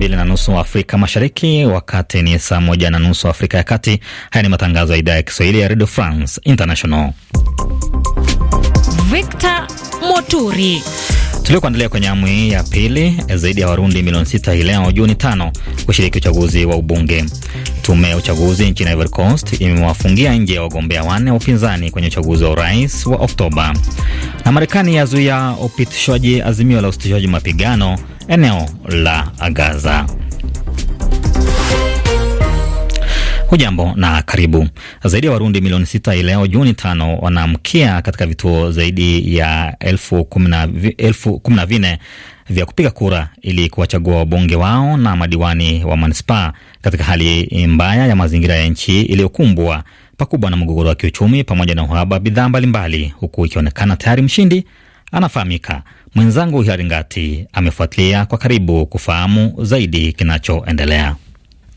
mbili na nusu Afrika Mashariki, wakati ni saa moja na nusu Afrika ya Kati. Haya ni matangazo ya idhaa ya Kiswahili ya Redio France International. Victor Moturi tuliokuandalia kwenye amu hii ya pili. Zaidi ya Warundi milioni sita hii leo Juni tano kushiriki uchaguzi wa ubunge. Tume ya uchaguzi nchini Ivory Coast imewafungia nje ya wagombea wanne wa upinzani kwenye uchaguzi wa urais wa Oktoba, na Marekani yazuia upitishwaji azimio la usitishwaji mapigano eneo la Gaza. Hujambo na karibu. Zaidi ya Warundi milioni sita ileo Juni tano wanaamkia katika vituo zaidi ya elfu kumi na vine vya kupiga kura ili kuwachagua wabunge wao na madiwani wa manispaa katika hali mbaya ya mazingira ya nchi iliyokumbwa pakubwa na mgogoro wa kiuchumi pamoja na uhaba bidhaa mbalimbali, huku ikionekana tayari mshindi anafahamika. Mwenzangu Hiaringati amefuatilia kwa karibu kufahamu zaidi kinachoendelea.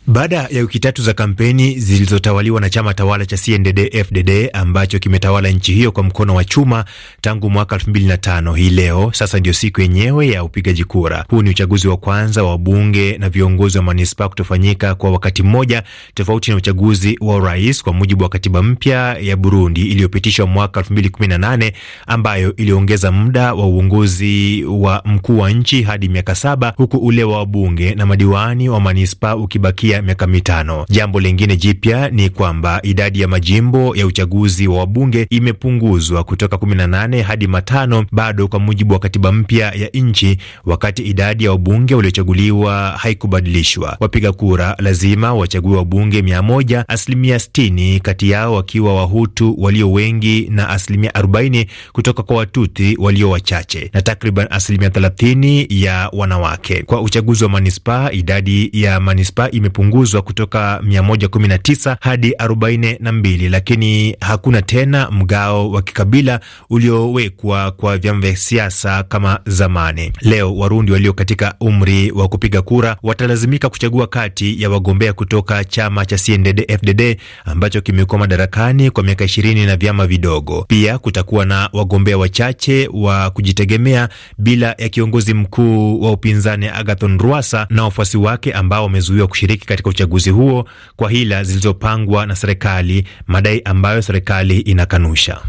Baada ya wiki tatu za kampeni zilizotawaliwa na chama tawala cha CNDD-FDD ambacho kimetawala nchi hiyo kwa mkono wa chuma tangu mwaka 2005, hii leo sasa ndio siku yenyewe ya upigaji kura. Huu ni uchaguzi wa kwanza wa bunge na viongozi wa manispaa kutofanyika kwa wakati mmoja, tofauti na uchaguzi wa urais kwa mujibu wa katiba mpya ya Burundi iliyopitishwa mwaka 2018 ambayo iliongeza muda wa uongozi wa mkuu wa nchi hadi miaka saba, huku ule wa wabunge na madiwani wa manispaa ukibakia ya miaka mitano. Jambo lingine jipya ni kwamba idadi ya majimbo ya uchaguzi wa wabunge imepunguzwa kutoka 18 hadi matano, bado kwa mujibu wa katiba mpya ya nchi, wakati idadi ya wabunge waliochaguliwa haikubadilishwa. Wapiga kura lazima wachague wabunge 100, asilimia 60 kati yao wakiwa Wahutu walio wengi na asilimia 40 kutoka kwa Watuti walio wachache na takriban asilimia 30 ya wanawake. Kwa uchaguzi wa manispaa, idadi ya manispaa imepunguzwa kupunguzwa kutoka 119 hadi 42, lakini hakuna tena mgao wa kikabila uliowekwa kwa vyama vya siasa kama zamani. Leo Warundi walio katika umri wa kupiga kura watalazimika kuchagua kati ya wagombea kutoka chama cha CNDD-FDD ambacho kimekuwa madarakani kwa miaka 20 na vyama vidogo. Pia kutakuwa na wagombea wachache wa kujitegemea bila ya kiongozi mkuu wa upinzani Agathon Rwasa na wafuasi wake ambao wamezuiwa kushiriki katika uchaguzi huo kwa hila zilizopangwa na serikali, madai ambayo serikali inakanusha.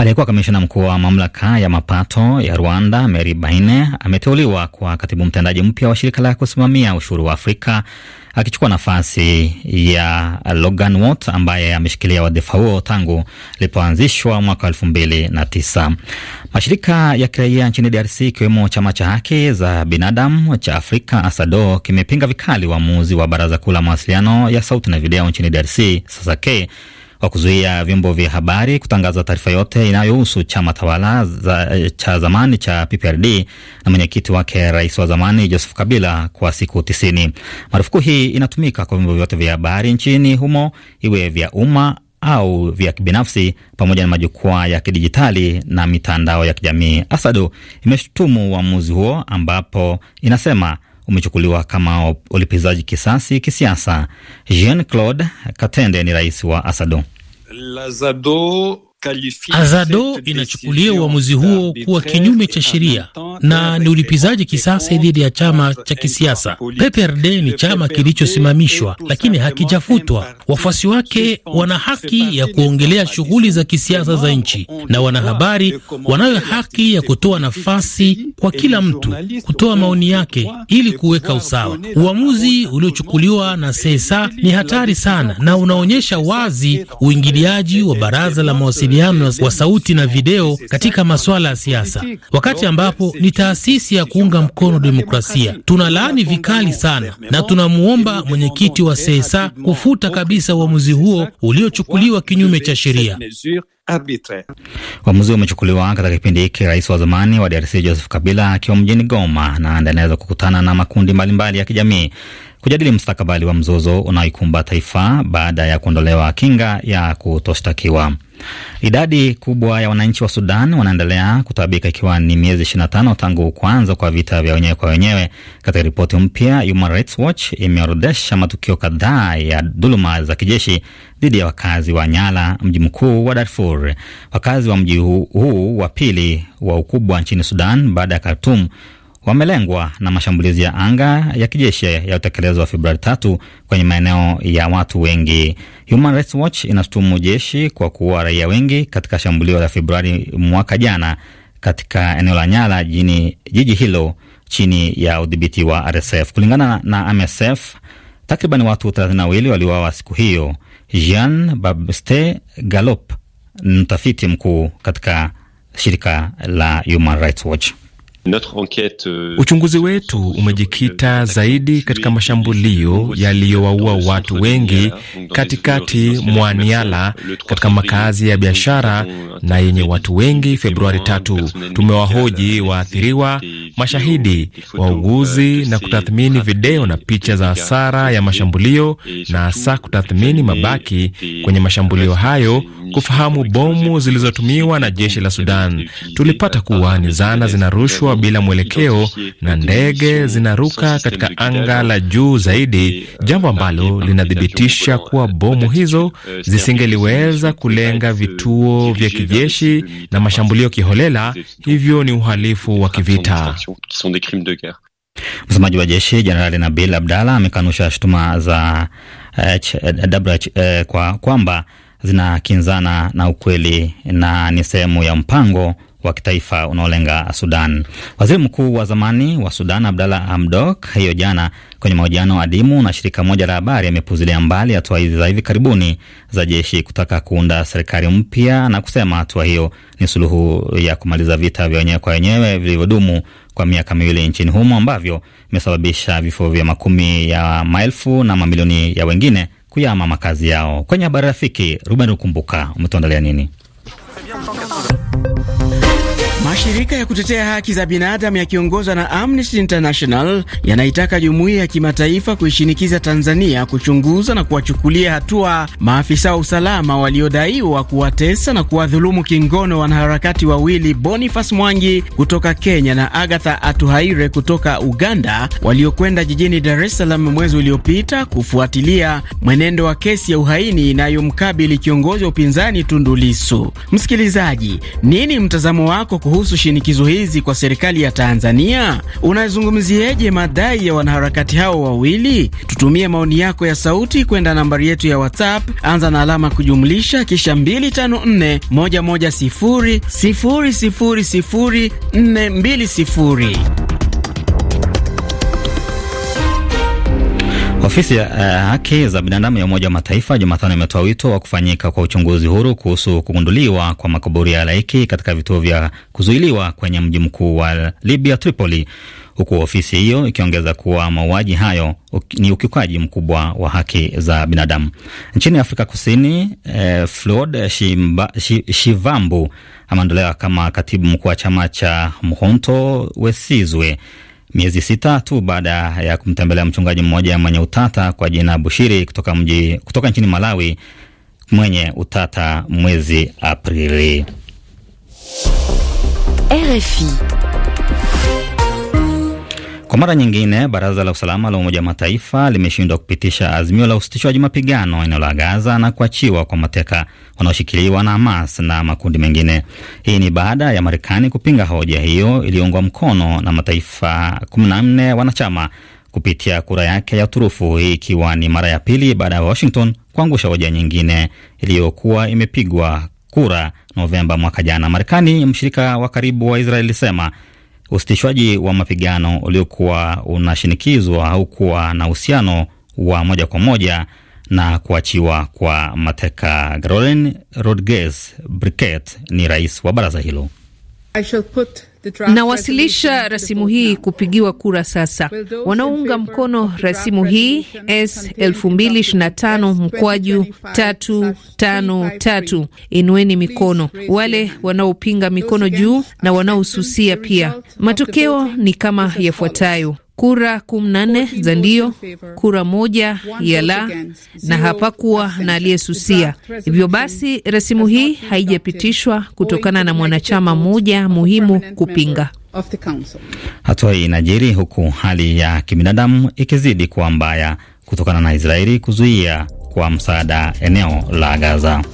Aliyekuwa kamishina mkuu wa mamlaka ya mapato ya Rwanda, Mary Baine, ameteuliwa kwa katibu mtendaji mpya wa shirika la kusimamia ushuru wa Afrika, akichukua nafasi ya Logan Wot ambaye ameshikilia wadhifa huo tangu lipoanzishwa mwaka elfu mbili na tisa. Mashirika ya kiraia nchini DRC ikiwemo chama cha haki za binadamu cha Afrika ASADO kimepinga vikali uamuzi wa, wa baraza kuu la mawasiliano ya sauti na video nchini DRC sasa ke kwa kuzuia vyombo vya habari kutangaza taarifa yote inayohusu chama tawala za, cha zamani cha PPRD na mwenyekiti wake rais wa zamani Joseph Kabila kwa siku tisini. Marufuku hii inatumika kwa vyombo vyote vya habari nchini humo iwe vya umma au vya kibinafsi pamoja na majukwaa ya kidijitali na mitandao ya kijamii. Asado imeshutumu uamuzi huo ambapo inasema umechukuliwa kama ulipizaji kisasi kisiasa. Jean Claude Katende ni rais wa Asado. Azado inachukulia uamuzi huo kuwa kinyume cha sheria na ni ulipizaji kisasi dhidi ya chama cha kisiasa. PPRD ni chama kilichosimamishwa lakini hakijafutwa. Wafuasi wake wana haki ya kuongelea shughuli za kisiasa za nchi, na wanahabari wanayo haki ya kutoa nafasi kwa kila mtu kutoa maoni yake ili kuweka usawa. Uamuzi uliochukuliwa na Sesa ni hatari sana na unaonyesha wazi uingiliaji wa baraza la mawasiliano wa sauti na video katika masuala ya siasa, wakati ambapo ni ni taasisi ya kuunga mkono demokrasia. Tunalaani vikali sana na tunamwomba mwenyekiti wa Sesa kufuta kabisa uamuzi huo uliochukuliwa kinyume cha sheria. Uamuzi umechukuliwa katika kipindi hiki rais wa zamani wa DRC Joseph Kabila akiwa mjini Goma na anaweza kukutana na makundi mbalimbali mbali ya kijamii kujadili mstakabali wa mzozo unaoikumba taifa baada ya kuondolewa kinga ya kutoshtakiwa. Idadi kubwa ya wananchi wa Sudan wanaendelea kutabika ikiwa ni miezi 25 tangu kuanza kwa vita vya wenyewe kwa wenyewe. Katika ripoti mpya, Human Rights Watch imeorodhesha matukio kadhaa ya dhuluma za kijeshi dhidi ya wakazi wa Nyala, mji mkuu wa Darfur. Wakazi wa mji huu wa pili wa ukubwa nchini Sudan baada ya Khartoum wamelengwa na mashambulizi ya anga ya kijeshi wa Februari tatu kwenye maeneo ya watu wengi. Human Rights Watch inashutumu jeshi kwa kuua raia wengi katika shambulio la Februari mwaka jana katika eneo la Nyala jini, jiji hilo chini ya udhibiti wa RSF. Kulingana na MSF, takriban watu 32 waliuawa siku hiyo. Jean Babste Galop, ni mtafiti mkuu katika shirika la Human Rights Watch. Uchunguzi wetu umejikita zaidi katika mashambulio yaliyowaua watu wengi katikati mwa Niala katika makazi ya biashara na yenye watu wengi Februari tatu. Tumewahoji waathiriwa, mashahidi, wauguzi na kutathmini video na picha za hasara ya mashambulio na hasa kutathmini mabaki kwenye mashambulio hayo kufahamu bomu zilizotumiwa na jeshi la Sudan. Tulipata kuwa ni zana zinarushwa bila mwelekeo na ndege zinaruka katika anga la juu zaidi, jambo ambalo linathibitisha kuwa bomu hizo zisingeliweza kulenga vituo vya kijeshi na mashambulio kiholela, hivyo ni uhalifu wa kivita. Msemaji wa jeshi Jenerali Nabil Abdalla amekanusha shutuma za eh, eh, kwa kwamba zinakinzana na ukweli na ni sehemu ya mpango wa kitaifa unaolenga Sudan. Waziri mkuu wa zamani wa Sudan Abdalla Hamdok hiyo jana kwenye mahojiano adimu na shirika moja la habari amepuzilia mbali hatua hizi za hivi karibuni za jeshi kutaka kuunda serikali mpya na kusema hatua hiyo ni suluhu ya kumaliza vita vya wenyewe kwa wenyewe vilivyodumu kwa miaka miwili nchini humo ambavyo imesababisha vifo vya makumi ya maelfu na mamilioni ya wengine kuyama makazi yao. Kwenye habari rafiki, Ruben Ukumbuka umetuandalia nini? Mashirika ya kutetea haki za binadamu yakiongozwa na Amnesty International yanaitaka jumuiya ya kimataifa kuishinikiza Tanzania kuchunguza na kuwachukulia hatua maafisa wa usalama waliodaiwa kuwatesa na kuwadhulumu kingono wanaharakati wawili Boniface Mwangi kutoka Kenya na Agatha Atuhaire kutoka Uganda waliokwenda jijini Dar es Salaam mwezi uliopita kufuatilia mwenendo wa kesi ya uhaini inayomkabili kiongozi wa upinzani Tundu Lissu. Msikilizaji, nini mtazamo wako kuhu kuhusu shinikizo hizi kwa serikali ya Tanzania? Unazungumzieje madai ya wanaharakati hao wawili? Tutumie maoni yako ya sauti kwenda nambari yetu ya WhatsApp, anza na alama kujumlisha kisha 254110000420. Ofisi ya uh, eh, haki za binadamu ya Umoja wa Mataifa Jumatano imetoa wito wa kufanyika kwa uchunguzi huru kuhusu kugunduliwa kwa makaburi ya halaiki katika vituo vya kuzuiliwa kwenye mji mkuu wa Libya, Tripoli, huku ofisi hiyo ikiongeza kuwa mauaji hayo ni ukiukaji mkubwa wa haki za binadamu. Nchini Afrika Kusini, eh, Floyd shi, Shivambu ameondolewa kama katibu mkuu wa chama cha mhonto Wesizwe miezi sita tu baada ya kumtembelea mchungaji mmoja mwenye utata kwa jina Bushiri kutoka mji kutoka nchini Malawi mwenye utata mwezi Aprili. RFI kwa mara nyingine, baraza la usalama la Umoja wa Mataifa limeshindwa kupitisha azimio la usitishwaji mapigano eneo la Gaza na kuachiwa kwa mateka wanaoshikiliwa na Hamas na makundi mengine. Hii ni baada ya Marekani kupinga hoja hiyo iliyoungwa mkono na mataifa 14 wanachama kupitia kura yake ya uturufu, hii ikiwa ni mara ya pili baada ya Washington kuangusha hoja nyingine iliyokuwa imepigwa kura Novemba mwaka jana. Marekani, mshirika wa karibu wa Israel, ilisema usitishwaji wa mapigano uliokuwa unashinikizwa haukuwa na uhusiano wa moja kwa moja na kuachiwa kwa mateka. Grolin Rodriguez Briquet ni rais wa baraza hilo. I shall put Nawasilisha rasimu hii kupigiwa kura sasa. Wanaounga mkono rasimu hii s elfu mkwaju tatu inueni mikono. Wale wanaopinga mikono juu, na wanaohususia pia. Matokeo ni kama yafuatayo: kura kumi na nne za ndio, kura moja ya la, na hapakuwa na aliyesusia. Hivyo basi rasimu hii haijapitishwa kutokana na mwanachama mmoja muhimu kupinga. Hatua hii inajiri huku hali ya kibinadamu ikizidi kuwa mbaya kutokana na Israeli kuzuia kwa msaada eneo la Gaza.